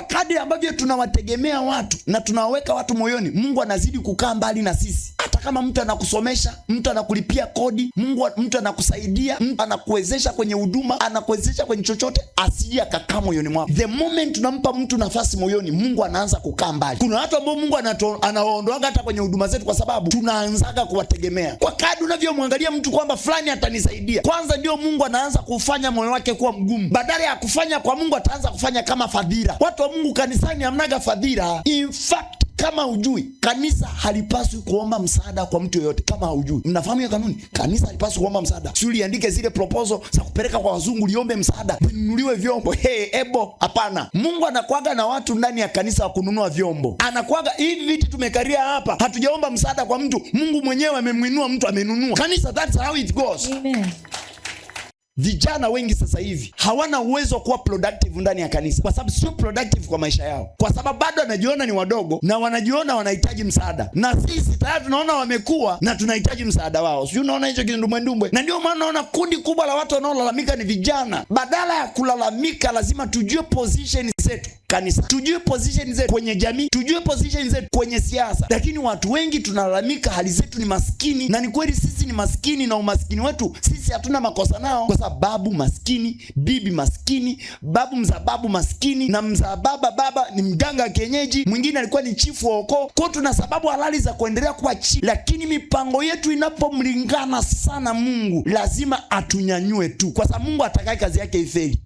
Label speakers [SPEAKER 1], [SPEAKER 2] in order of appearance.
[SPEAKER 1] kwa kadri ambavyo tunawategemea watu na tunawaweka watu moyoni, Mungu anazidi kukaa mbali na sisi. Hata kama mtu anakusomesha, mtu anakulipia kodi, Mungu mtu anakusaidia, mtu anakuwezesha kwenye huduma, anakuwezesha kwenye chochote, asije akakaa moyoni mwako. The moment tunampa mtu nafasi moyoni, Mungu anaanza kukaa mbali. Kuna watu ambao Mungu anawaondoaga hata kwenye huduma zetu, kwa sababu tunaanzaga kuwategemea. Kwa kadri unavyomwangalia mtu kwamba fulani atanisaidia, kwanza ndio Mungu anaanza kufanya moyo wake kuwa mgumu, badala ya kufanya kwa Mungu ataanza kufanya kama fadhila watu Mungu kanisani hamnaga fadhila. In fact kama hujui kanisa halipaswi kuomba msaada kwa mtu yoyote. Kama hujui, mnafahamu hiyo kanuni, kanisa halipaswi kuomba msaada. Si uliandike zile proposal za kupeleka kwa wazungu, liombe msaada, vinunuliwe vyombo. Hey, ebo, hapana. Mungu anakuaga na watu ndani ya kanisa wa kununua vyombo, anakuaga hivi viti tumekaria hapa, hatujaomba msaada kwa mtu. Mungu mwenyewe amemwinua mtu, amenunua kanisa. That's how it goes. Amen. Vijana wengi sasa hivi hawana uwezo wa kuwa productive ndani ya kanisa, kwa sababu sio productive kwa maisha yao, kwa sababu bado wanajiona ni wadogo na wanajiona wanahitaji msaada, na sisi tayari tunaona wamekuwa na tunahitaji msaada wao. Sijui unaona hicho kindumbwendumbwe, na ndio maana unaona kundi kubwa la watu wanaolalamika ni vijana. Badala ya kulalamika, lazima tujue position zetu kanisa, tujue position zetu kwenye jamii, tujue position zetu kwenye siasa. Lakini watu wengi tunalalamika hali zetu ni maskini, na ni kweli sisi ni maskini, na umaskini wetu sisi hatuna makosa nao, kwa sababu maskini, bibi maskini, babu mzababu maskini, na mzababa baba ni mganga kienyeji, mwingine alikuwa ni chifu wa ukoo. Kwa tuna sababu halali za kuendelea kuwa chini, lakini mipango yetu inapomlingana sana Mungu, lazima atunyanyue tu, kwa sababu Mungu atakaye kazi yake ifeli.